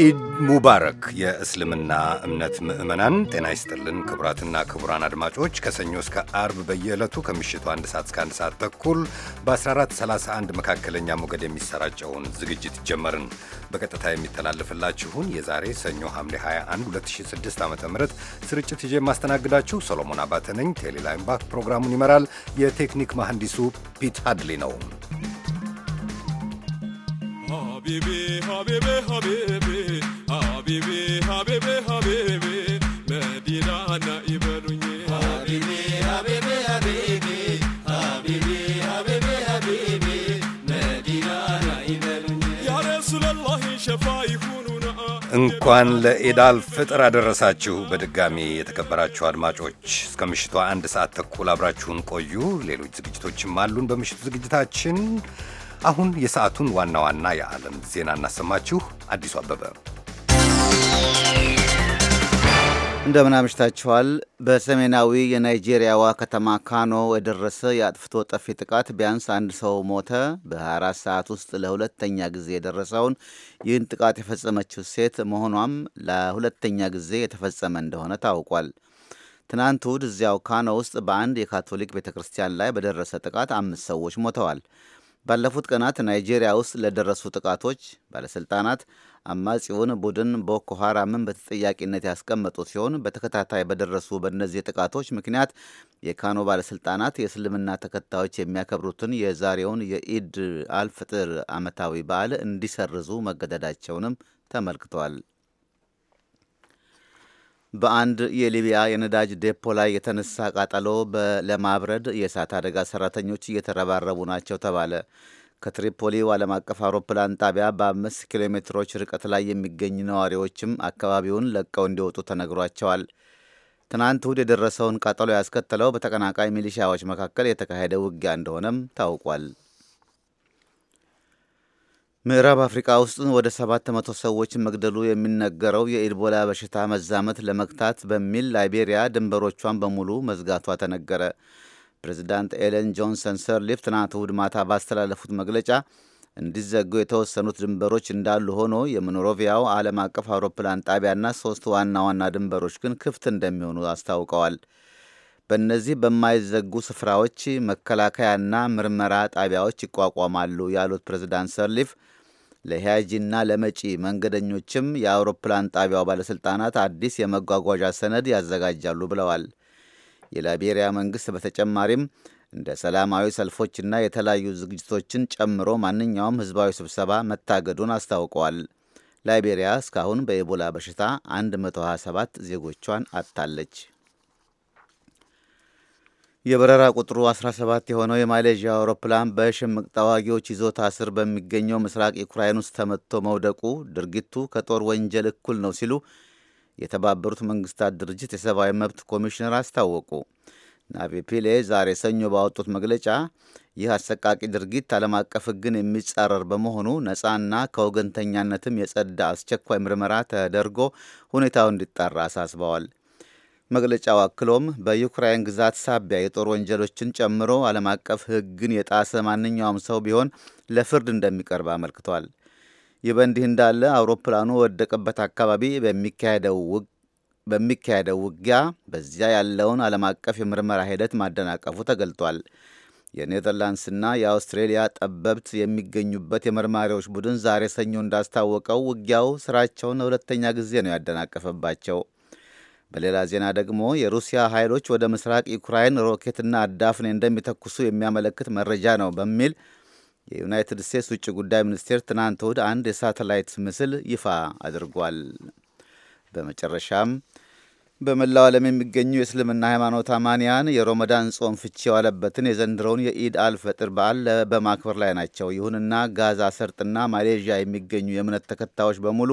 ኢድ ሙባረክ የእስልምና እምነት ምዕመናን ጤና ይስጥልን። ክቡራትና ክቡራን አድማጮች ከሰኞ እስከ አርብ በየዕለቱ ከምሽቱ አንድ ሰዓት እስከ አንድ ሰዓት ተኩል በ1431 መካከለኛ ሞገድ የሚሰራጨውን ዝግጅት ጀመርን። በቀጥታ የሚተላለፍላችሁን የዛሬ ሰኞ ሐምሌ 21 2006 ዓ ም ስርጭት ይዤ የማስተናግዳችሁ ሰሎሞን አባተ ነኝ። ቴሌላይምባክ ፕሮግራሙን ይመራል። የቴክኒክ መሐንዲሱ ፒት ሃድሊ ነው። ሀቢቢ ሀቢቢ ሀቢቢ ሸፋ እንኳን ለኢዳል ፍጥር አደረሳችሁ። በድጋሚ የተከበራችሁ አድማጮች እስከ ምሽቱ አንድ ሰዓት ተኩል አብራችሁን ቆዩ። ሌሎች ዝግጅቶችም አሉን በምሽቱ ዝግጅታችን። አሁን የሰዓቱን ዋና ዋና የዓለም ዜና እናሰማችሁ። አዲሱ አበበ እንደምን አምሽታችኋል። በሰሜናዊ የናይጄሪያዋ ከተማ ካኖ የደረሰ የአጥፍቶ ጠፊ ጥቃት ቢያንስ አንድ ሰው ሞተ። በ24 ሰዓት ውስጥ ለሁለተኛ ጊዜ የደረሰውን ይህን ጥቃት የፈጸመችው ሴት መሆኗም ለሁለተኛ ጊዜ የተፈጸመ እንደሆነ ታውቋል። ትናንት እሁድ እዚያው ካኖ ውስጥ በአንድ የካቶሊክ ቤተ ክርስቲያን ላይ በደረሰ ጥቃት አምስት ሰዎች ሞተዋል። ባለፉት ቀናት ናይጄሪያ ውስጥ ለደረሱ ጥቃቶች ባለሥልጣናት አማጺውን ቡድን ቦኮ ሐራምን በተጠያቂነት ያስቀመጡ ሲሆን በተከታታይ በደረሱ በእነዚህ ጥቃቶች ምክንያት የካኖ ባለሥልጣናት የእስልምና ተከታዮች የሚያከብሩትን የዛሬውን የኢድ አልፍጥር ዓመታዊ በዓል እንዲሰርዙ መገደዳቸውንም ተመልክተዋል። በአንድ የሊቢያ የነዳጅ ዴፖ ላይ የተነሳ ቃጠሎ ለማብረድ የእሳት አደጋ ሰራተኞች እየተረባረቡ ናቸው ተባለ። ከትሪፖሊው ዓለም አቀፍ አውሮፕላን ጣቢያ በአምስት ኪሎ ሜትሮች ርቀት ላይ የሚገኙ ነዋሪዎችም አካባቢውን ለቀው እንዲወጡ ተነግሯቸዋል። ትናንት እሁድ የደረሰውን ቃጠሎ ያስከተለው በተቀናቃይ ሚሊሺያዎች መካከል የተካሄደ ውጊያ እንደሆነም ታውቋል። ምዕራብ አፍሪካ ውስጥ ወደ 700 ሰዎች መግደሉ የሚነገረው የኢቦላ በሽታ መዛመት ለመግታት በሚል ላይቤሪያ ድንበሮቿን በሙሉ መዝጋቷ ተነገረ። ፕሬዚዳንት ኤለን ጆንሰን ሰርሊፍ ትናንት እሁድ ማታ ባስተላለፉት መግለጫ እንዲዘጉ የተወሰኑት ድንበሮች እንዳሉ ሆኖ የምኖሮቪያው ዓለም አቀፍ አውሮፕላን ጣቢያና ሶስት ዋና ዋና ድንበሮች ግን ክፍት እንደሚሆኑ አስታውቀዋል። በእነዚህ በማይዘጉ ስፍራዎች መከላከያና ምርመራ ጣቢያዎች ይቋቋማሉ ያሉት ፕሬዚዳንት ሰርሊፍ ለሂያጂና ለመጪ መንገደኞችም የአውሮፕላን ጣቢያው ባለሥልጣናት አዲስ የመጓጓዣ ሰነድ ያዘጋጃሉ ብለዋል። የላይቤሪያ መንግሥት በተጨማሪም እንደ ሰላማዊ ሰልፎችና የተለያዩ ዝግጅቶችን ጨምሮ ማንኛውም ሕዝባዊ ስብሰባ መታገዱን አስታውቀዋል። ላይቤሪያ እስካሁን በኢቦላ በሽታ 127 ዜጎቿን አጥታለች። የበረራ ቁጥሩ 17 የሆነው የማሌዥያ አውሮፕላን በሽምቅ ተዋጊዎች ይዞታ ስር በሚገኘው ምስራቅ ዩክራይን ውስጥ ተመትቶ መውደቁ ድርጊቱ ከጦር ወንጀል እኩል ነው ሲሉ የተባበሩት መንግስታት ድርጅት የሰብአዊ መብት ኮሚሽነር አስታወቁ። ናቪ ፒሌ ዛሬ ሰኞ ባወጡት መግለጫ ይህ አሰቃቂ ድርጊት ዓለም አቀፍ ሕግን የሚጻረር በመሆኑ ነፃና ከወገንተኛነትም የጸዳ አስቸኳይ ምርመራ ተደርጎ ሁኔታው እንዲጣራ አሳስበዋል። መግለጫው አክሎም በዩክራይን ግዛት ሳቢያ የጦር ወንጀሎችን ጨምሮ ዓለም አቀፍ ሕግን የጣሰ ማንኛውም ሰው ቢሆን ለፍርድ እንደሚቀርብ አመልክቷል። ይህ በእንዲህ እንዳለ አውሮፕላኑ ወደቀበት አካባቢ በሚካሄደው ውጊያ በዚያ ያለውን ዓለም አቀፍ የምርመራ ሂደት ማደናቀፉ ተገልጧል። የኔዘርላንድስና የአውስትሬሊያ ጠበብት የሚገኙበት የመርማሪዎች ቡድን ዛሬ ሰኞ እንዳስታወቀው ውጊያው ስራቸውን ለሁለተኛ ጊዜ ነው ያደናቀፈባቸው። በሌላ ዜና ደግሞ የሩሲያ ኃይሎች ወደ ምስራቅ ዩክራይን ሮኬትና አዳፍኔ እንደሚተኩሱ የሚያመለክት መረጃ ነው በሚል የዩናይትድ ስቴትስ ውጭ ጉዳይ ሚኒስቴር ትናንት እሁድ አንድ የሳተላይት ምስል ይፋ አድርጓል። በመጨረሻም በመላው ዓለም የሚገኙ የእስልምና ሃይማኖት አማንያን የሮመዳን ጾም ፍቺ የዋለበትን የዘንድሮውን የኢድ አልፈጥር በዓል በማክበር ላይ ናቸው። ይሁንና ጋዛ ሰርጥና ማሌዥያ የሚገኙ የእምነት ተከታዮች በሙሉ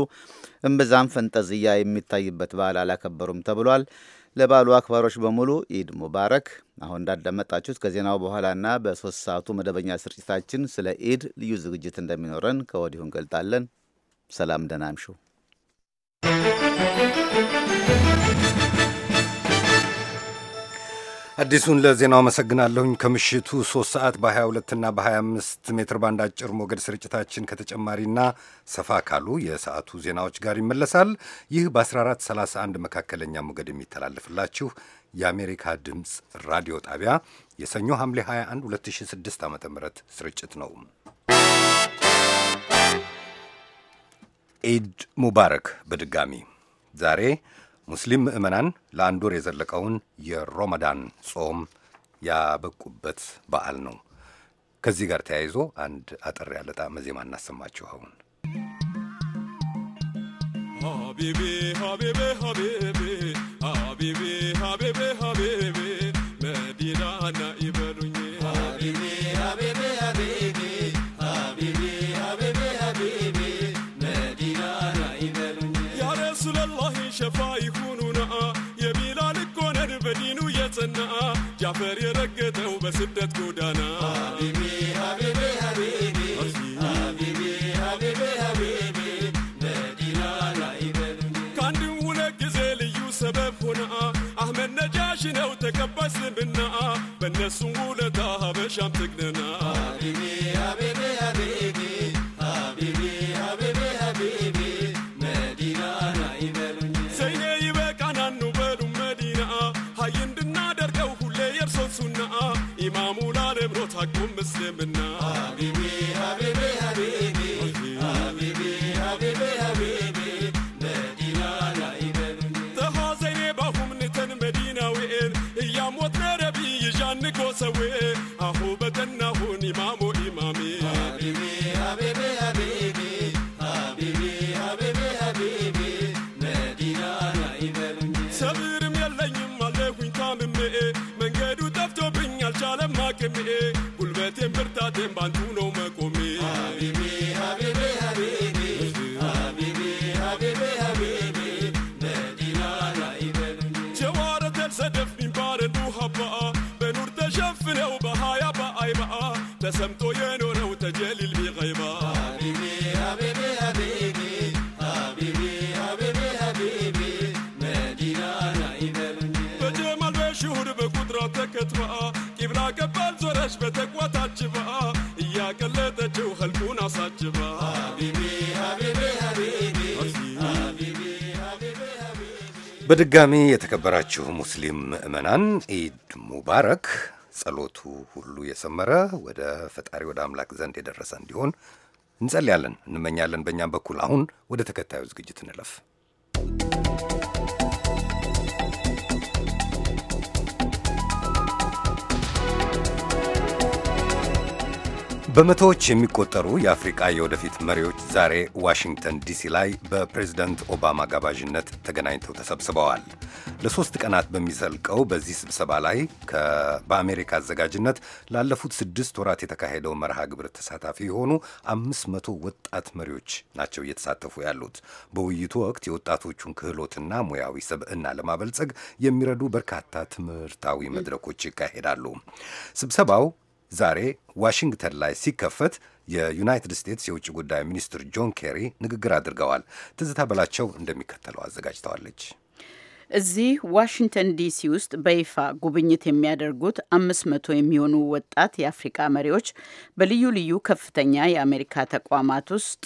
እምብዛም ፈንጠዝያ የሚታይበት በዓል አላከበሩም ተብሏል። ለበዓሉ አክባሮች በሙሉ ኢድ ሙባረክ። አሁን እንዳዳመጣችሁት ከዜናው በኋላና በሶስት ሰዓቱ መደበኛ ስርጭታችን ስለ ኢድ ልዩ ዝግጅት እንደሚኖረን ከወዲሁ እንገልጣለን። ሰላም፣ ደናምሹ። አዲሱን ለዜናው አመሰግናለሁኝ። ከምሽቱ 3 ሰዓት በ22 እና በ25 ሜትር ባንድ አጭር ሞገድ ስርጭታችን ከተጨማሪና ሰፋ ካሉ የሰዓቱ ዜናዎች ጋር ይመለሳል። ይህ በ1431 መካከለኛ ሞገድ የሚተላለፍላችሁ የአሜሪካ ድምፅ ራዲዮ ጣቢያ የሰኞ ሐምሌ 21 2006 ዓ ም ስርጭት ነው። ኢድ ሙባረክ በድጋሚ ዛሬ ሙስሊም ምዕመናን ለአንድ ወር የዘለቀውን የሮመዳን ጾም ያበቁበት በዓል ነው። ከዚህ ጋር ተያይዞ አንድ አጠር ያለ ጣዕመ ዜማ እናሰማችሁ። አሁን ሀቢቢ ሀቢቢ ሀቢቢ ሀቢቢ ሀቢቢ ሀቢቢ መዲኑ የጸና ጃፈር የረገጠው በስደት ጎዳና ሀቢቢ ሀቢቢ ሀቢቢ ሀቢቢ ሀቢቢ ሀቢቢ መዲና ላይ ከአንድም ሁለት ጊዜ ልዩ ሰበብ ሆነ አህመድ ነጃሽ ነው ተቀባይ ስምና በእነሱም ውለታ ሀበሻም ትግነና ሀቢቢ ሀቢቢ ኮሰዌ አሁ በተናሁን ኢማሙ ኢማሚ ሀቢቢ ሀቢቢ ሀቢቢ ሀቢቢ ሀቢቢ ሀቢቢ መዲና ናይበሉኝ ሰብርም የለኝም አለሁኝ ታምሜ መንገዱ ጠፍቶብኝ አልቻለም አቅሜ ጉልበቴም ብርታቴም ባንቱ ነው ተከትባ ቂብላ ገባል ዞረሽ በተቋታችባ እያቀለጠችው ህልቁን አሳችባ በድጋሚ የተከበራችሁ ሙስሊም ምእመናን ኢድ ሙባረክ። ጸሎቱ ሁሉ የሰመረ ወደ ፈጣሪ ወደ አምላክ ዘንድ የደረሰ እንዲሆን እንጸልያለን፣ እንመኛለን። በእኛም በኩል አሁን ወደ ተከታዩ ዝግጅት እንለፍ። በመቶዎች የሚቆጠሩ የአፍሪቃ የወደፊት መሪዎች ዛሬ ዋሽንግተን ዲሲ ላይ በፕሬዝደንት ኦባማ ጋባዥነት ተገናኝተው ተሰብስበዋል። ለሦስት ቀናት በሚዘልቀው በዚህ ስብሰባ ላይ በአሜሪካ አዘጋጅነት ላለፉት ስድስት ወራት የተካሄደው መርሃ ግብር ተሳታፊ የሆኑ አምስት መቶ ወጣት መሪዎች ናቸው እየተሳተፉ ያሉት። በውይይቱ ወቅት የወጣቶቹን ክህሎትና ሙያዊ ስብዕና ለማበልጸግ የሚረዱ በርካታ ትምህርታዊ መድረኮች ይካሄዳሉ። ስብሰባው ዛሬ ዋሽንግተን ላይ ሲከፈት የዩናይትድ ስቴትስ የውጭ ጉዳይ ሚኒስትር ጆን ኬሪ ንግግር አድርገዋል። ትዝታ በላቸው እንደሚከተለው አዘጋጅተዋለች። እዚህ ዋሽንግተን ዲሲ ውስጥ በይፋ ጉብኝት የሚያደርጉት አምስት መቶ የሚሆኑ ወጣት የአፍሪካ መሪዎች በልዩ ልዩ ከፍተኛ የአሜሪካ ተቋማት ውስጥ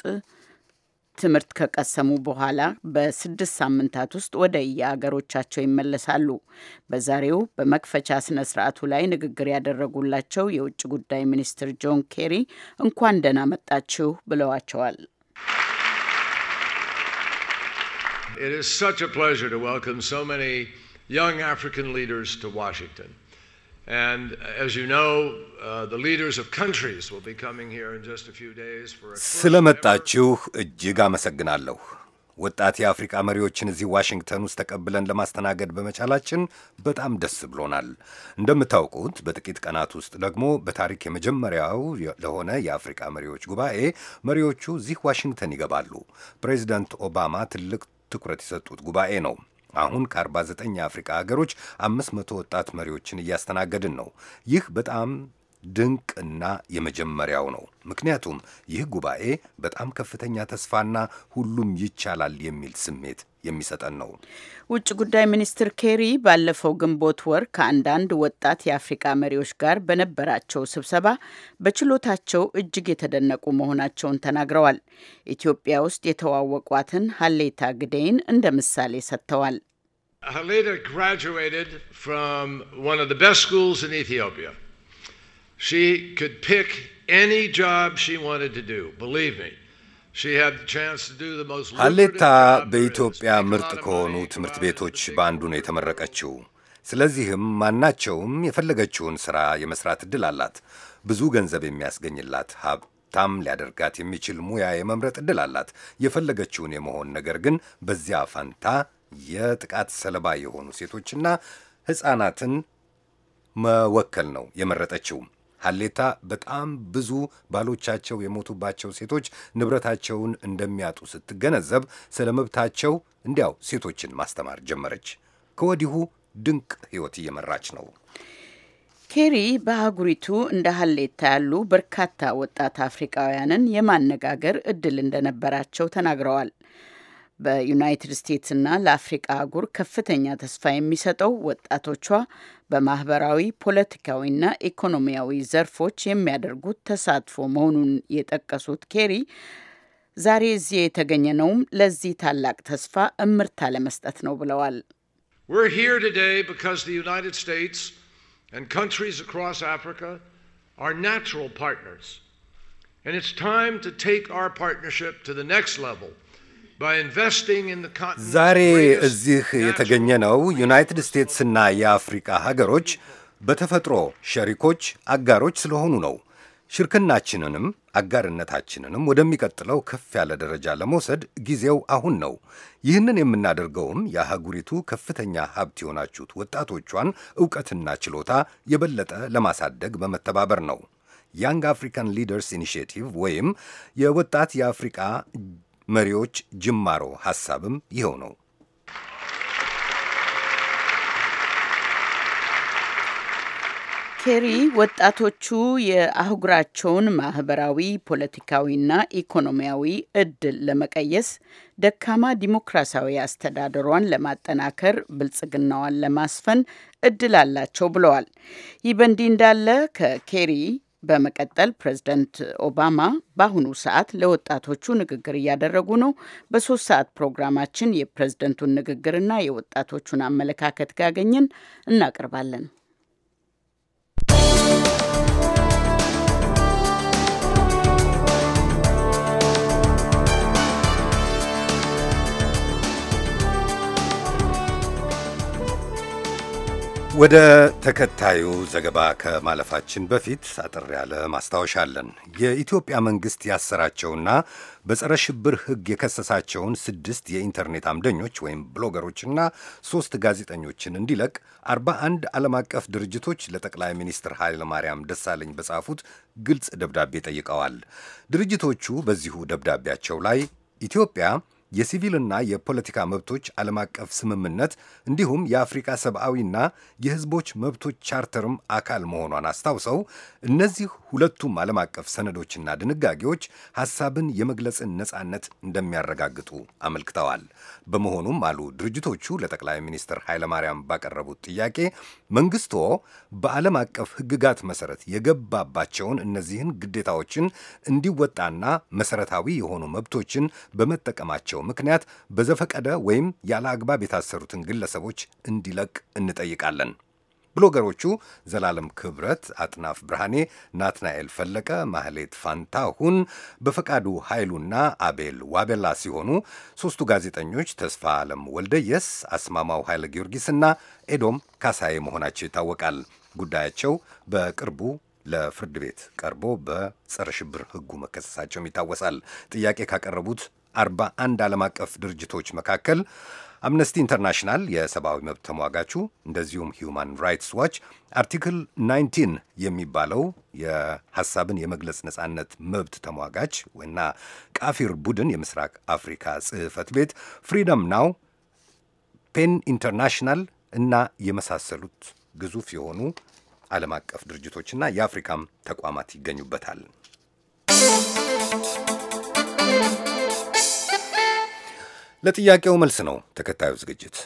ትምህርት ከቀሰሙ በኋላ በስድስት ሳምንታት ውስጥ ወደ የአገሮቻቸው ይመለሳሉ። በዛሬው በመክፈቻ ስነ ስርዓቱ ላይ ንግግር ያደረጉላቸው የውጭ ጉዳይ ሚኒስትር ጆን ኬሪ እንኳን ደህና መጣችሁ ብለዋቸዋል። It is such a pleasure to welcome so many young African leaders to Washington. ስለመጣችሁ እጅግ አመሰግናለሁ። ወጣት የአፍሪቃ መሪዎችን እዚህ ዋሽንግተን ውስጥ ተቀብለን ለማስተናገድ በመቻላችን በጣም ደስ ብሎናል። እንደምታውቁት በጥቂት ቀናት ውስጥ ደግሞ በታሪክ የመጀመሪያው ለሆነ የአፍሪቃ መሪዎች ጉባኤ መሪዎቹ እዚህ ዋሽንግተን ይገባሉ። ፕሬዚደንት ኦባማ ትልቅ ትኩረት የሰጡት ጉባኤ ነው። አሁን ከ49 የአፍሪካ ሀገሮች 500 ወጣት መሪዎችን እያስተናገድን ነው። ይህ በጣም ድንቅና የመጀመሪያው ነው። ምክንያቱም ይህ ጉባኤ በጣም ከፍተኛ ተስፋና ሁሉም ይቻላል የሚል ስሜት የሚሰጠን ነው። ውጭ ጉዳይ ሚኒስትር ኬሪ ባለፈው ግንቦት ወር ከአንዳንድ ወጣት የአፍሪቃ መሪዎች ጋር በነበራቸው ስብሰባ በችሎታቸው እጅግ የተደነቁ መሆናቸውን ተናግረዋል። ኢትዮጵያ ውስጥ የተዋወቋትን ሀሌታ ግደይን እንደ ምሳሌ ሰጥተዋል። ሀሌታ ግራጁዌትድ ፍሮም ዋን ኦፍ ዘ ቤስት ስኩልስ ኢን ኢትዮጵያ ሺ ኩድ ፒክ ኤኒ ጆብ ሺ ዋንትድ ቱ ዱ ቢሊቭ ሚ ሀሌታ በኢትዮጵያ ምርጥ ከሆኑ ትምህርት ቤቶች በአንዱ ነው የተመረቀችው። ስለዚህም ማናቸውም የፈለገችውን ሥራ የመሥራት ዕድል አላት። ብዙ ገንዘብ የሚያስገኝላት ሀብታም ሊያደርጋት የሚችል ሙያ የመምረጥ ዕድል አላት። የፈለገችውን የመሆን ነገር ግን በዚያ ፋንታ የጥቃት ሰለባ የሆኑ ሴቶችና ሕፃናትን መወከል ነው የመረጠችው። ሀሌታ በጣም ብዙ ባሎቻቸው የሞቱባቸው ሴቶች ንብረታቸውን እንደሚያጡ ስትገነዘብ ስለ መብታቸው እንዲያው ሴቶችን ማስተማር ጀመረች። ከወዲሁ ድንቅ ሕይወት እየመራች ነው። ኬሪ በአህጉሪቱ እንደ ሀሌታ ያሉ በርካታ ወጣት አፍሪካውያንን የማነጋገር እድል እንደነበራቸው ተናግረዋል። በዩናይትድ ስቴትስና ለአፍሪቃ አህጉር ከፍተኛ ተስፋ የሚሰጠው ወጣቶቿ በማህበራዊ ፖለቲካዊና ኢኮኖሚያዊ ዘርፎች የሚያደርጉት ተሳትፎ መሆኑን የጠቀሱት ኬሪ ዛሬ እዚህ የተገኘነውም ለዚህ ታላቅ ተስፋ እምርታ ለመስጠት ነው ብለዋል። And it's time to take our partnership to the next level. ዛሬ እዚህ የተገኘነው ዩናይትድ ስቴትስና የአፍሪቃ ሀገሮች በተፈጥሮ ሸሪኮች፣ አጋሮች ስለሆኑ ነው። ሽርክናችንንም አጋርነታችንንም ወደሚቀጥለው ከፍ ያለ ደረጃ ለመውሰድ ጊዜው አሁን ነው። ይህንን የምናደርገውም የአህጉሪቱ ከፍተኛ ሀብት የሆናችሁት ወጣቶቿን እውቀትና ችሎታ የበለጠ ለማሳደግ በመተባበር ነው። ያንግ አፍሪካን ሊደርስ ኢኒሽቲቭ ወይም የወጣት የአፍሪቃ መሪዎች ጅማሮ ሐሳብም ይኸው ነው። ኬሪ ወጣቶቹ የአህጉራቸውን ማህበራዊ ፖለቲካዊና ኢኮኖሚያዊ እድል ለመቀየስ ደካማ ዲሞክራሲያዊ አስተዳደሯን ለማጠናከር ብልጽግናዋን ለማስፈን እድል አላቸው ብለዋል። ይህ በእንዲህ እንዳለ ከኬሪ በመቀጠል ፕሬዝደንት ኦባማ በአሁኑ ሰዓት ለወጣቶቹ ንግግር እያደረጉ ነው። በሶስት ሰዓት ፕሮግራማችን የፕሬዝደንቱን ንግግርና የወጣቶቹን አመለካከት ካገኘን እናቀርባለን። ወደ ተከታዩ ዘገባ ከማለፋችን በፊት አጠር ያለ ማስታወሻ አለን። የኢትዮጵያ መንግሥት ያሰራቸውና በጸረ ሽብር ሕግ የከሰሳቸውን ስድስት የኢንተርኔት አምደኞች ወይም ብሎገሮችና ሦስት ጋዜጠኞችን እንዲለቅ 41 ዓለም አቀፍ ድርጅቶች ለጠቅላይ ሚኒስትር ኃይለ ማርያም ደሳለኝ በጻፉት ግልጽ ደብዳቤ ጠይቀዋል። ድርጅቶቹ በዚሁ ደብዳቤያቸው ላይ ኢትዮጵያ የሲቪልና የፖለቲካ መብቶች ዓለም አቀፍ ስምምነት እንዲሁም የአፍሪካ ሰብአዊና የሕዝቦች መብቶች ቻርተርም አካል መሆኗን አስታውሰው እነዚህ ሁለቱም ዓለም አቀፍ ሰነዶችና ድንጋጌዎች ሐሳብን የመግለጽን ነጻነት እንደሚያረጋግጡ አመልክተዋል። በመሆኑም አሉ ድርጅቶቹ ለጠቅላይ ሚኒስትር ኃይለማርያም ባቀረቡት ጥያቄ መንግስቶ በዓለም አቀፍ ሕግጋት መሰረት የገባባቸውን እነዚህን ግዴታዎችን እንዲወጣና መሰረታዊ የሆኑ መብቶችን በመጠቀማቸው ምክንያት በዘፈቀደ ወይም ያለ አግባብ የታሰሩትን ግለሰቦች እንዲለቅ እንጠይቃለን። ብሎገሮቹ ዘላለም ክብረት፣ አጥናፍ ብርሃኔ፣ ናትናኤል ፈለቀ፣ ማህሌት ፋንታሁን፣ በፈቃዱ ኃይሉና አቤል ዋቤላ ሲሆኑ ሦስቱ ጋዜጠኞች ተስፋ ዓለም ወልደየስ፣ አስማማው ኃይለ ጊዮርጊስና ኤዶም ካሳይ መሆናቸው ይታወቃል። ጉዳያቸው በቅርቡ ለፍርድ ቤት ቀርቦ በጸረ ሽብር ሕጉ መከሰሳቸውም ይታወሳል። ጥያቄ ካቀረቡት 41 ዓለም አቀፍ ድርጅቶች መካከል አምነስቲ ኢንተርናሽናል የሰብአዊ መብት ተሟጋቹ እንደዚሁም ሂዩማን ራይትስ ዋች አርቲክል 19 የሚባለው የሐሳብን የመግለጽ ነጻነት መብት ተሟጋች ወይና ቃፊር ቡድን የምስራቅ አፍሪካ ጽህፈት ቤት ፍሪደም ናው ፔን ኢንተርናሽናል እና የመሳሰሉት ግዙፍ የሆኑ ዓለም አቀፍ ድርጅቶችና የአፍሪካም ተቋማት ይገኙበታል። ለጥያቄው መልስ ነው ተከታዩ ዝግጅት።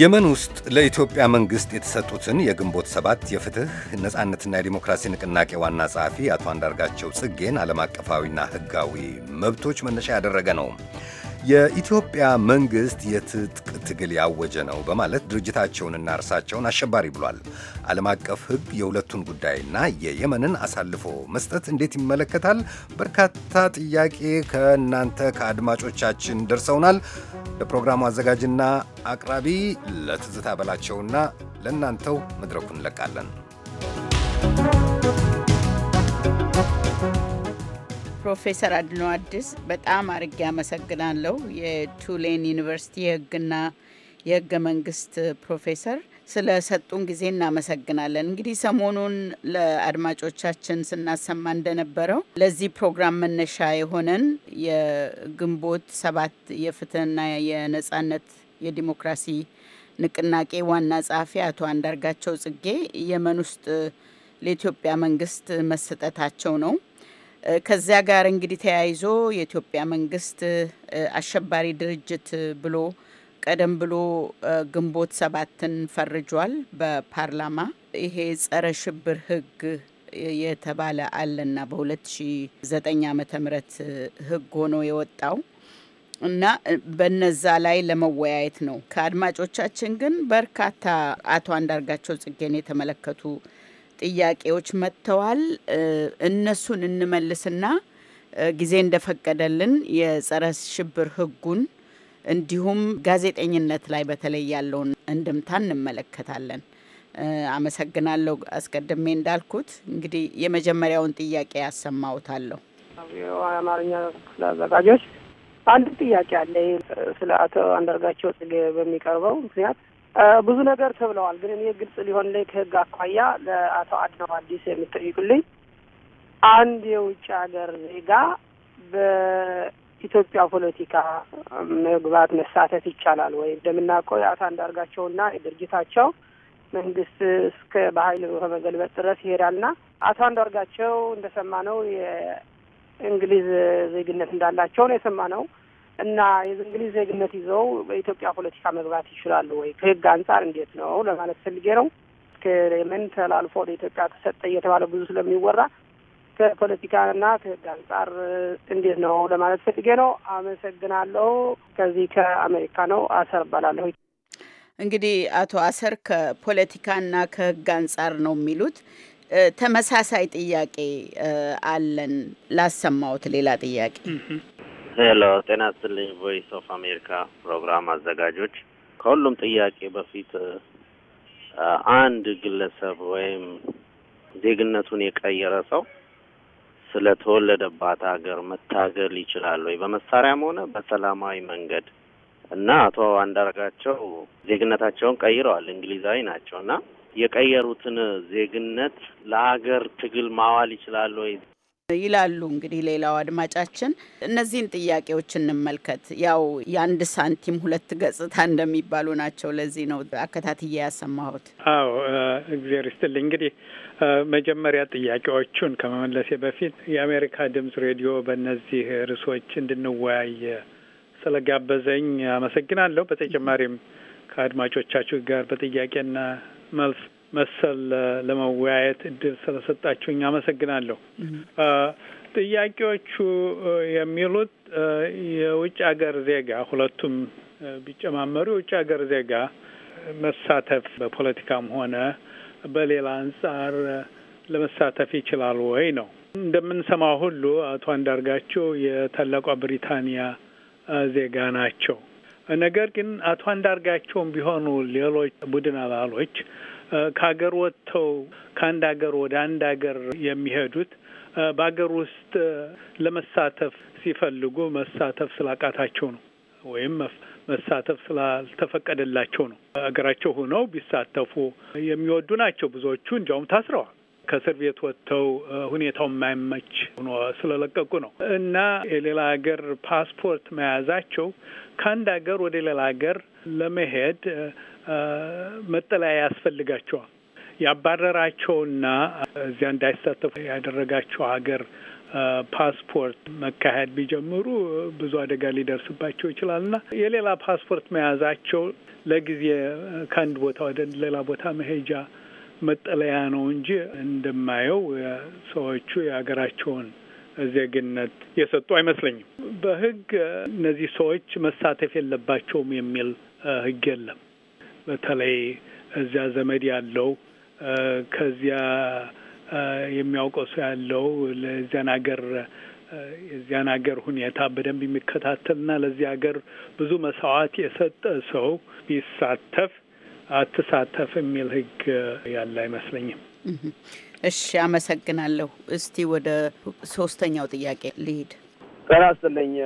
የመን ውስጥ ለኢትዮጵያ መንግሥት የተሰጡትን የግንቦት ሰባት የፍትሕ ነጻነትና የዲሞክራሲ ንቅናቄ ዋና ጸሐፊ አቶ አንዳርጋቸው ጽጌን ዓለም አቀፋዊና ሕጋዊ መብቶች መነሻ ያደረገ ነው። የኢትዮጵያ መንግሥት የትጥቅ ትግል ያወጀ ነው በማለት ድርጅታቸውንና እርሳቸውን አሸባሪ ብሏል። ዓለም አቀፍ ሕግ የሁለቱን ጉዳይና የየመንን አሳልፎ መስጠት እንዴት ይመለከታል? በርካታ ጥያቄ ከእናንተ ከአድማጮቻችን ደርሰውናል። ለፕሮግራሙ አዘጋጅና አቅራቢ ለትዝታ በላቸውና ለእናንተው መድረኩን እንለቃለን። ፕሮፌሰር አድኖ አዲስ በጣም አርጌ አመሰግናለሁ። የቱሌን ዩኒቨርሲቲ የህግና የህገ መንግስት ፕሮፌሰር ስለ ሰጡን ጊዜ እናመሰግናለን። እንግዲህ ሰሞኑን ለአድማጮቻችን ስናሰማ እንደነበረው ለዚህ ፕሮግራም መነሻ የሆነን የግንቦት ሰባት የፍትህና የነጻነት የዲሞክራሲ ንቅናቄ ዋና ጸሐፊ አቶ አንዳርጋቸው ጽጌ የመን ውስጥ ለኢትዮጵያ መንግስት መሰጠታቸው ነው። ከዚያ ጋር እንግዲህ ተያይዞ የኢትዮጵያ መንግስት አሸባሪ ድርጅት ብሎ ቀደም ብሎ ግንቦት ሰባትን ፈርጇል በፓርላማ። ይሄ ጸረ ሽብር ህግ የተባለ አለና በ2009 ም ህግ ሆኖ የወጣው እና በነዛ ላይ ለመወያየት ነው። ከአድማጮቻችን ግን በርካታ አቶ አንዳርጋቸው ጽጌን የተመለከቱ ጥያቄዎች መጥተዋል። እነሱን እንመልስና ጊዜ እንደፈቀደልን የጸረ ሽብር ህጉን እንዲሁም ጋዜጠኝነት ላይ በተለይ ያለውን እንድምታ እንመለከታለን። አመሰግናለሁ። አስቀድሜ እንዳልኩት እንግዲህ የመጀመሪያውን ጥያቄ ያሰማውታለሁ። የአማርኛ ክፍል አዘጋጆች አንድ ጥያቄ አለ ስለ አቶ አንዳርጋቸው ጽጌ በሚቀርበው ምክንያት ብዙ ነገር ተብለዋል። ግን እኔ ግልጽ ሊሆንልኝ ከህግ አኳያ ለአቶ አድነው አዲስ የምትጠይቁልኝ አንድ የውጭ ሀገር ዜጋ በኢትዮጵያ ፖለቲካ መግባት መሳተፍ ይቻላል ወይ? እንደምናውቀው የአቶ አንዳርጋቸውና የድርጅታቸው መንግስት እስከ በኃይል በመገልበጥ ድረስ ይሄዳልና አቶ አንዳርጋቸው እንደሰማነው የእንግሊዝ ዜግነት እንዳላቸው ነው ነው። እና የእንግሊዝ ዜግነት ይዘው በኢትዮጵያ ፖለቲካ መግባት ይችላሉ ወይ? ከህግ አንጻር እንዴት ነው ለማለት ፈልጌ ነው። ከየመን ተላልፎ ወደ ኢትዮጵያ ተሰጠ እየተባለ ብዙ ስለሚወራ ከፖለቲካና ከህግ አንጻር እንዴት ነው ለማለት ፈልጌ ነው። አመሰግናለሁ። ከዚህ ከአሜሪካ ነው አሰር እባላለሁ። እንግዲህ አቶ አሰር ከፖለቲካና ከህግ አንጻር ነው የሚሉት። ተመሳሳይ ጥያቄ አለን ላሰማሁት ሌላ ጥያቄ ሄሎ፣ ጤና ስትልኝ ቮይስ ኦፍ አሜሪካ ፕሮግራም አዘጋጆች፣ ከሁሉም ጥያቄ በፊት አንድ ግለሰብ ወይም ዜግነቱን የቀየረ ሰው ተወለደባት ሀገር መታገል ይችላል ወይ? በመሳሪያም ሆነ በሰላማዊ መንገድ እና አቶ አንዳርጋቸው ዜግነታቸውን ቀይረዋል። እንግሊዛዊ ናቸው እና የቀየሩትን ዜግነት ለሀገር ትግል ማዋል ይችላል ወይ? ይላሉ። እንግዲህ ሌላው አድማጫችን እነዚህን ጥያቄዎች እንመልከት። ያው የአንድ ሳንቲም ሁለት ገጽታ እንደሚባሉ ናቸው። ለዚህ ነው አከታትዬ ያሰማሁት። አዎ እግዜር ይስጥልኝ። እንግዲህ መጀመሪያ ጥያቄዎቹን ከመመለሴ በፊት የአሜሪካ ድምጽ ሬዲዮ በእነዚህ ርዕሶች እንድንወያይ ስለጋበዘኝ አመሰግናለሁ። በተጨማሪም ከአድማጮቻችሁ ጋር በጥያቄና መልስ መሰል ለመወያየት እድል ስለሰጣችሁኝ አመሰግናለሁ። ጥያቄዎቹ የሚሉት የውጭ ሀገር ዜጋ ሁለቱም ቢጨማመሩ የውጭ ሀገር ዜጋ መሳተፍ በፖለቲካም ሆነ በሌላ አንጻር ለመሳተፍ ይችላል ወይ ነው። እንደምንሰማው ሁሉ አቶ አንዳርጋቸው የታላቋ ብሪታንያ ዜጋ ናቸው። ነገር ግን አቶ አንዳርጋቸውም ቢሆኑ ሌሎች ቡድን አባሎች ከሀገር ወጥተው ከአንድ ሀገር ወደ አንድ ሀገር የሚሄዱት በሀገር ውስጥ ለመሳተፍ ሲፈልጉ መሳተፍ ስላቃታቸው ነው ወይም መሳተፍ ስላልተፈቀደላቸው ነው። ሀገራቸው ሆነው ቢሳተፉ የሚወዱ ናቸው። ብዙዎቹ እንዲያውም ታስረዋል። ከእስር ቤት ወጥተው ሁኔታው የማይመች ሆኖ ስለለቀቁ ነው እና የሌላ ሀገር ፓስፖርት መያዛቸው ከአንድ ሀገር ወደ ሌላ ሀገር ለመሄድ መጠለያ ያስፈልጋቸዋል። ያባረራቸውና እዚያ እንዳይሳተፉ ያደረጋቸው ሀገር ፓስፖርት መካሄድ ቢጀምሩ ብዙ አደጋ ሊደርስባቸው ይችላል እና የሌላ ፓስፖርት መያዛቸው ለጊዜ ከአንድ ቦታ ወደ ሌላ ቦታ መሄጃ መጠለያ ነው እንጂ እንደማየው ሰዎቹ የሀገራቸውን ዜግነት የሰጡ አይመስለኝም። በህግ እነዚህ ሰዎች መሳተፍ የለባቸውም የሚል ህግ የለም። በተለይ እዚያ ዘመድ ያለው ከዚያ የሚያውቀው ሰው ያለው ለዚያን ሀገር የዚያን ሀገር ሁኔታ በደንብ የሚከታተልና ለዚህ ሀገር ብዙ መስዋዕት የሰጠ ሰው ቢሳተፍ አትሳተፍ የሚል ህግ ያለ አይመስለኝም። እሺ፣ አመሰግናለሁ። እስቲ ወደ ሶስተኛው ጥያቄ ልሂድ። ጤና ይስጥልኝ። እኔ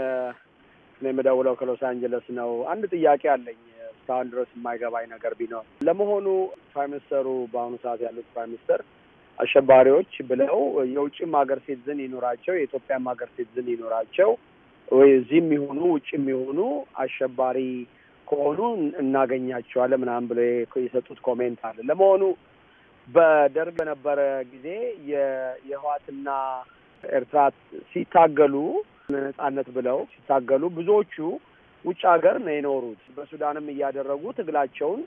የምደውለው ከሎስ አንጀለስ ነው። አንድ ጥያቄ አለኝ። እስካሁን ድረስ የማይገባኝ ነገር ቢኖር ለመሆኑ ፕራይም ሚኒስተሩ በአሁኑ ሰዓት ያሉት ፕራይም ሚኒስተር አሸባሪዎች ብለው የውጭም ሀገር ሴትዝን ይኖራቸው የኢትዮጵያም ሀገር ሴትዝን ይኖራቸው ወይ እዚህ የሚሆኑ ውጭ የሚሆኑ አሸባሪ ከሆኑ እናገኛቸዋለን ምናምን ብሎ የሰጡት ኮሜንት አለ። ለመሆኑ በደርግ በነበረ ጊዜ የህዋትና ኤርትራ ሲታገሉ ነጻነት ብለው ሲታገሉ ብዙዎቹ ውጭ ሀገር ነው የኖሩት። በሱዳንም እያደረጉ ትግላቸውን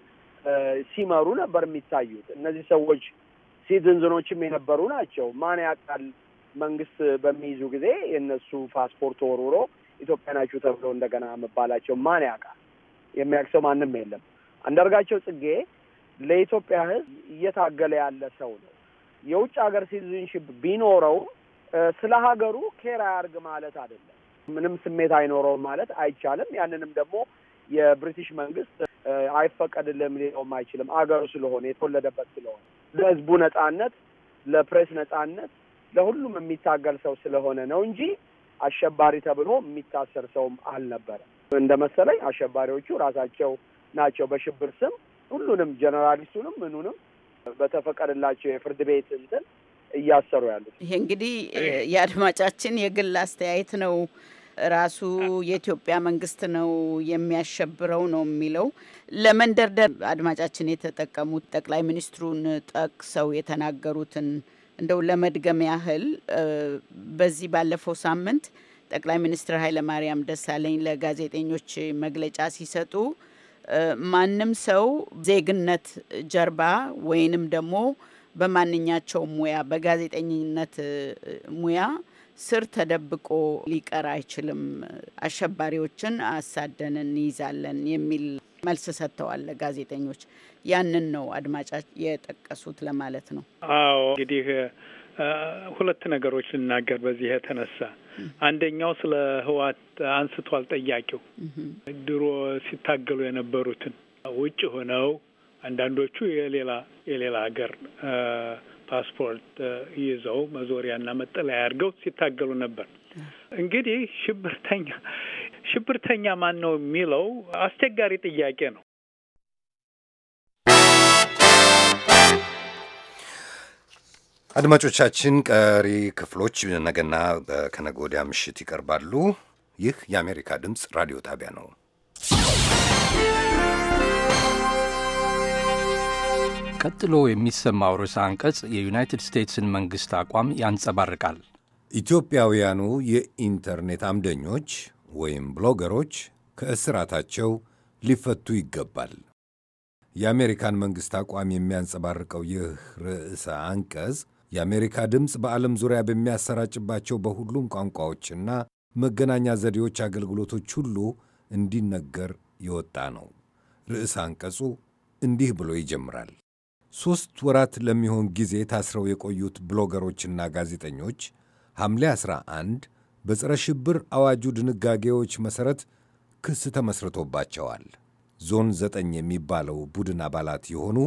ሲመሩ ነበር የሚታዩት። እነዚህ ሰዎች ሲቲዝኖችም የነበሩ ናቸው። ማን ያውቃል መንግስት በሚይዙ ጊዜ የእነሱ ፓስፖርት ወርውሮ ኢትዮጵያ ናችሁ ተብሎ እንደገና መባላቸው ማን ያውቃል? ሰው ማንም የለም። አንዳርጋቸው ጽጌ ለኢትዮጵያ ሕዝብ እየታገለ ያለ ሰው ነው። የውጭ ሀገር ሲቲዝንሽፕ ቢኖረው ስለ ሀገሩ ኬር አያርግ ማለት አይደለም። ምንም ስሜት አይኖረውም ማለት አይቻልም። ያንንም ደግሞ የብሪቲሽ መንግስት አይፈቀድልም ሊለውም አይችልም። አገሩ ስለሆነ የተወለደበት ስለሆነ ለህዝቡ ነጻነት፣ ለፕሬስ ነጻነት፣ ለሁሉም የሚታገል ሰው ስለሆነ ነው እንጂ አሸባሪ ተብሎ የሚታሰር ሰውም አልነበረም። እንደ መሰለኝ አሸባሪዎቹ ራሳቸው ናቸው በሽብር ስም ሁሉንም ጀነራሊስቱንም ምኑንም በተፈቀደላቸው የፍርድ ቤት እንትን እያሰሩ ያሉት። ይሄ እንግዲህ የአድማጫችን የግል አስተያየት ነው። ራሱ የኢትዮጵያ መንግስት ነው የሚያሸብረው ነው የሚለው። ለመንደርደር አድማጫችን የተጠቀሙት ጠቅላይ ሚኒስትሩን ጠቅሰው የተናገሩትን እንደው ለመድገም ያህል በዚህ ባለፈው ሳምንት ጠቅላይ ሚኒስትር ኃይለማርያም ደሳለኝ ለጋዜጠኞች መግለጫ ሲሰጡ ማንም ሰው ዜግነት ጀርባ ወይንም ደግሞ በማንኛቸውም ሙያ በጋዜጠኝነት ሙያ ስር ተደብቆ ሊቀር አይችልም። አሸባሪዎችን አሳደን እንይዛለን የሚል መልስ ሰጥተዋል ጋዜጠኞች። ያንን ነው አድማጫች የጠቀሱት ለማለት ነው። አዎ እንግዲህ ሁለት ነገሮች ልናገር በዚህ የተነሳ አንደኛው ስለ ህዋት አንስቷል ጠያቂው ድሮ ሲታገሉ የነበሩትን ውጭ ሆነው አንዳንዶቹ የሌላ የሌላ ሀገር ፓስፖርት ይዘው መዞሪያና መጠለያ አድርገው ሲታገሉ ነበር። እንግዲህ ሽብርተኛ ሽብርተኛ ማን ነው የሚለው አስቸጋሪ ጥያቄ ነው። አድማጮቻችን ቀሪ ክፍሎች ነገና ከነገ ወዲያ ምሽት ይቀርባሉ። ይህ የአሜሪካ ድምፅ ራዲዮ ጣቢያ ነው። ቀጥሎ የሚሰማው ርዕሰ አንቀጽ የዩናይትድ ስቴትስን መንግሥት አቋም ያንጸባርቃል። ኢትዮጵያውያኑ የኢንተርኔት አምደኞች ወይም ብሎገሮች ከእስራታቸው ሊፈቱ ይገባል። የአሜሪካን መንግሥት አቋም የሚያንጸባርቀው ይህ ርዕሰ አንቀጽ የአሜሪካ ድምፅ በዓለም ዙሪያ በሚያሰራጭባቸው በሁሉም ቋንቋዎችና መገናኛ ዘዴዎች አገልግሎቶች ሁሉ እንዲነገር የወጣ ነው። ርዕሰ አንቀጹ እንዲህ ብሎ ይጀምራል። ሦስት ወራት ለሚሆን ጊዜ ታስረው የቆዩት ብሎገሮችና ጋዜጠኞች ሐምሌ 11 በጸረ ሽብር አዋጁ ድንጋጌዎች መሠረት ክስ ተመስርቶባቸዋል። ዞን ዘጠኝ የሚባለው ቡድን አባላት የሆኑ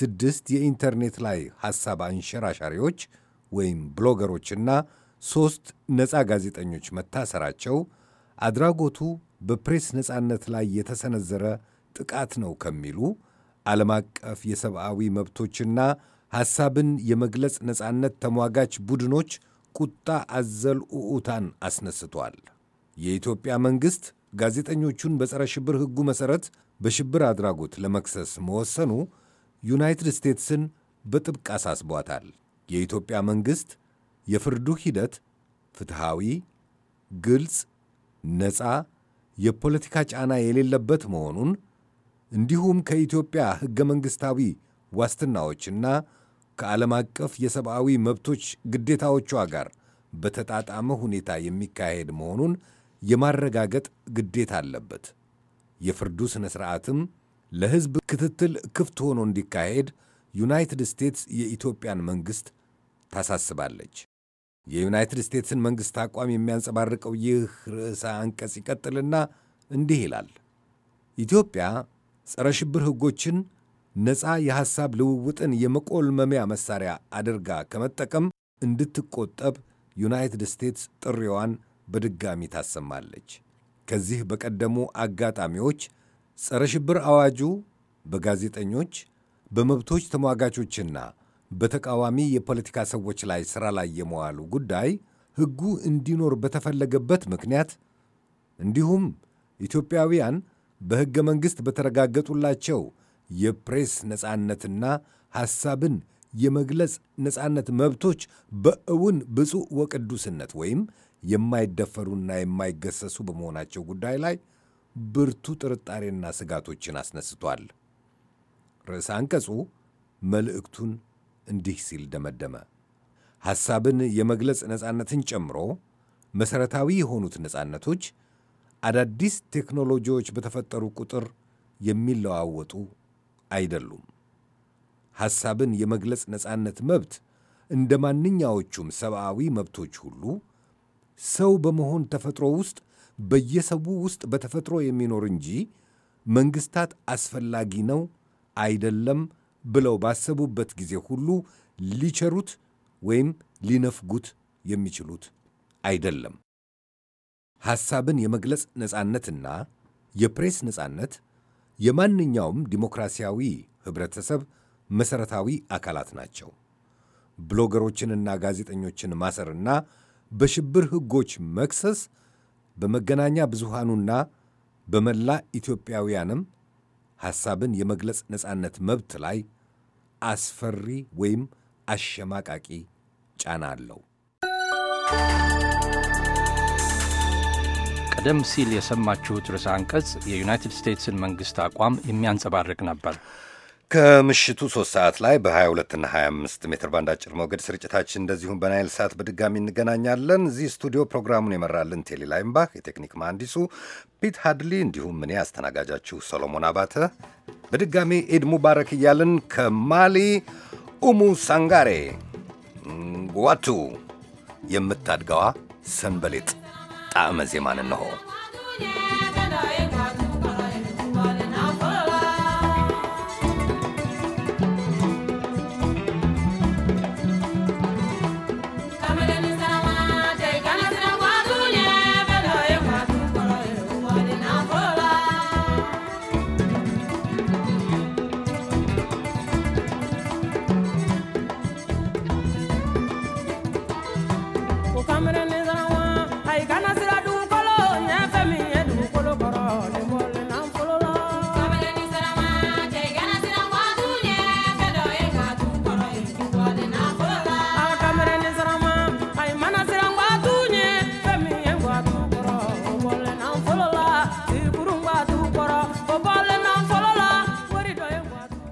ስድስት የኢንተርኔት ላይ ሐሳብ አንሸራሻሪዎች ወይም ብሎገሮችና ሦስት ነፃ ጋዜጠኞች መታሰራቸው አድራጎቱ በፕሬስ ነፃነት ላይ የተሰነዘረ ጥቃት ነው ከሚሉ ዓለም አቀፍ የሰብአዊ መብቶችና ሐሳብን የመግለጽ ነጻነት ተሟጋች ቡድኖች ቁጣ አዘል ውዑታን አስነስቷል። የኢትዮጵያ መንግሥት ጋዜጠኞቹን በጸረ ሽብር ሕጉ መሠረት በሽብር አድራጎት ለመክሰስ መወሰኑ ዩናይትድ ስቴትስን በጥብቅ አሳስቧታል። የኢትዮጵያ መንግሥት የፍርዱ ሂደት ፍትሐዊ፣ ግልጽ፣ ነፃ፣ የፖለቲካ ጫና የሌለበት መሆኑን እንዲሁም ከኢትዮጵያ ሕገ መንግሥታዊ ዋስትናዎችና ከዓለም አቀፍ የሰብአዊ መብቶች ግዴታዎቿ ጋር በተጣጣመ ሁኔታ የሚካሄድ መሆኑን የማረጋገጥ ግዴታ አለበት። የፍርዱ ሥነ ሥርዓትም ለሕዝብ ክትትል ክፍት ሆኖ እንዲካሄድ ዩናይትድ ስቴትስ የኢትዮጵያን መንግሥት ታሳስባለች። የዩናይትድ ስቴትስን መንግሥት አቋም የሚያንጸባርቀው ይህ ርዕሰ አንቀጽ ይቀጥልና እንዲህ ይላል። ኢትዮጵያ ጸረ ሽብር ሕጎችን ነፃ የሐሳብ ልውውጥን የመቆልመሚያ መሣሪያ አድርጋ ከመጠቀም እንድትቆጠብ ዩናይትድ ስቴትስ ጥሪዋን በድጋሚ ታሰማለች። ከዚህ በቀደሙ አጋጣሚዎች ጸረ ሽብር አዋጁ በጋዜጠኞች በመብቶች ተሟጋቾችና በተቃዋሚ የፖለቲካ ሰዎች ላይ ሥራ ላይ የመዋሉ ጉዳይ ሕጉ እንዲኖር በተፈለገበት ምክንያት እንዲሁም ኢትዮጵያውያን በሕገ መንግሥት በተረጋገጡላቸው የፕሬስ ነጻነትና ሐሳብን የመግለጽ ነፃነት መብቶች በእውን ብፁዕ ወቅዱስነት ወይም የማይደፈሩና የማይገሰሱ በመሆናቸው ጉዳይ ላይ ብርቱ ጥርጣሬና ስጋቶችን አስነስቷል። ርዕሰ አንቀጹ መልእክቱን እንዲህ ሲል ደመደመ። ሐሳብን የመግለጽ ነፃነትን ጨምሮ መሠረታዊ የሆኑት ነፃነቶች አዳዲስ ቴክኖሎጂዎች በተፈጠሩ ቁጥር የሚለዋወጡ አይደሉም። ሐሳብን የመግለጽ ነፃነት መብት እንደ ማንኛዎቹም ሰብአዊ መብቶች ሁሉ ሰው በመሆን ተፈጥሮ ውስጥ በየሰቡ ውስጥ በተፈጥሮ የሚኖር እንጂ መንግስታት አስፈላጊ ነው አይደለም ብለው ባሰቡበት ጊዜ ሁሉ ሊቸሩት ወይም ሊነፍጉት የሚችሉት አይደለም። ሐሳብን የመግለጽ ነጻነትና የፕሬስ ነጻነት የማንኛውም ዲሞክራሲያዊ ኅብረተሰብ መሠረታዊ አካላት ናቸው። ብሎገሮችንና ጋዜጠኞችን ማሰርና በሽብር ሕጎች መክሰስ በመገናኛ ብዙሃኑና በመላ ኢትዮጵያውያንም ሐሳብን የመግለጽ ነጻነት መብት ላይ አስፈሪ ወይም አሸማቃቂ ጫና አለው። ቀደም ሲል የሰማችሁት ርዕሰ አንቀጽ የዩናይትድ ስቴትስን መንግሥት አቋም የሚያንጸባርቅ ነበር። ከምሽቱ ሶስት ሰዓት ላይ በ22 እና 25 ሜትር ባንድ አጭር ሞገድ ስርጭታችን እንደዚሁም በናይል ሰዓት በድጋሚ እንገናኛለን። እዚህ ስቱዲዮ ፕሮግራሙን የመራልን ቴሌ ላይምባህ፣ የቴክኒክ መሐንዲሱ ፒት ሃድሊ፣ እንዲሁም እኔ አስተናጋጃችሁ ሰሎሞን አባተ በድጋሚ ኢድ ሙባረክ እያልን ከማሊ ኡሙ ሳንጋሬ ዋቱ የምታድገዋ ሰንበሌጥ ጣዕመ ዜማን እንሆ